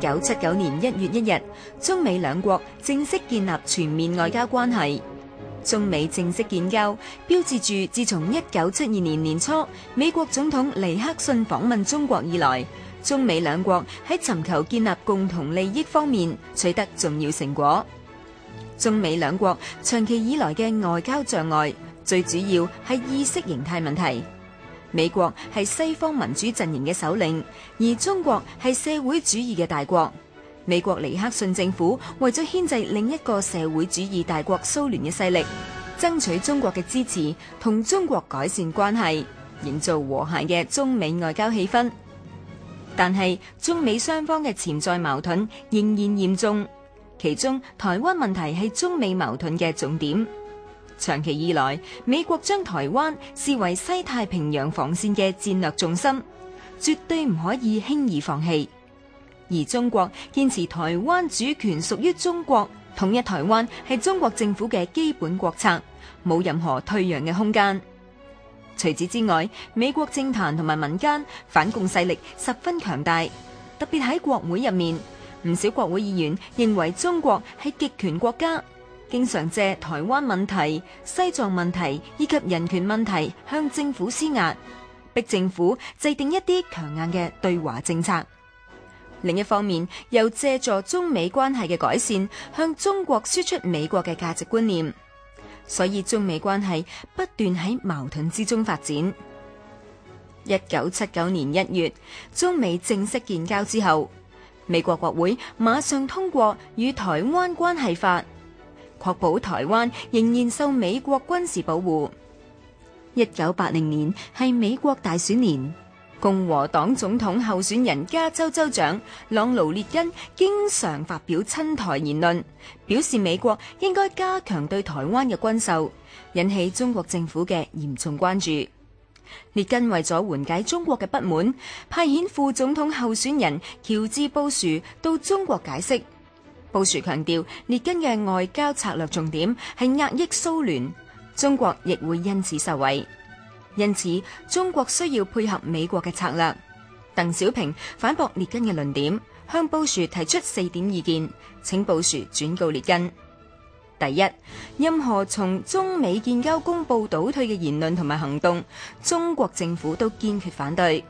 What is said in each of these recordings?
1979年1月1日，中美兩國正式建立全面外交關係。中美正式建交，標誌着自從1972年年初，美國總統尼克遜訪問中國以來，中美兩國在尋求建立共同利益方面取得重要成果。中美兩國長期以來的外交障礙，最主要是意識形態問題。美國係西方民主陣營嘅首領，而中國係社會主義嘅大國。美國尼克遜政府為咗牽制另一個社會主義大國蘇聯嘅勢力，爭取中國嘅支持，同中國改善關係，營造和諧嘅中美外交氣氛。但係中美雙方嘅潛在矛盾仍然嚴重，其中台灣問題係中美矛盾嘅重點。長期以來，美國將台灣視為西太平洋防線嘅戰略重心，絕對唔可以輕易放棄。而中國堅持台灣主權屬於中國，統一台灣係中國政府嘅基本國策，冇任何退讓嘅空間。除此之外，美國政壇同埋民間反共勢力十分強大，特別喺國會入面，唔少國會議員認為中國係極權國家。經常借台灣問題、西藏問題以及人權問題向政府施壓，逼政府制定一啲強硬嘅對華政策。另一方面，又借助中美關係嘅改善，向中國輸出美國嘅價值觀念，所以中美關係不斷喺矛盾之中發展。一九七九年一月，中美正式建交之後，美國國會馬上通過《與台灣關係法》。確保台灣仍然受美國軍事保護。一九八零年係美國大選年，共和黨總統候選人加州州長朗奴列根經常發表親台言論，表示美國應該加強對台灣嘅軍售，引起中國政府嘅嚴重關注。列根為咗緩解中國嘅不滿，派遣副總統候選人喬治布殊到中國解釋。布殊強調，列根嘅外交策略重點係壓抑蘇聯，中國亦會因此受惠。因此，中國需要配合美國嘅策略。鄧小平反駁列根嘅論點，向布殊提出四點意見，請布殊轉告列根：第一，任何從中美建交公布倒退嘅言論同埋行動，中國政府都堅決反對；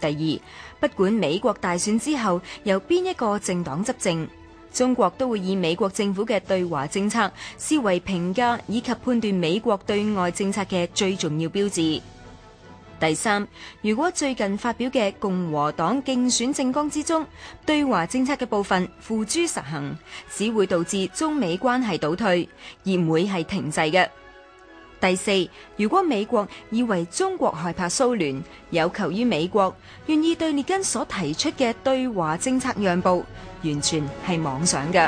第二，不管美國大選之後由邊一個政黨執政。中國都會以美國政府嘅對華政策視為評價以及判斷美國對外政策嘅最重要標誌。第三，如果最近發表嘅共和黨競選政綱之中對華政策嘅部分付諸實行，只會導致中美關係倒退，而唔會係停滯嘅。第四，如果美國以為中國害怕蘇聯，有求於美國，願意對列根所提出嘅對華政策讓步，完全係妄想嘅。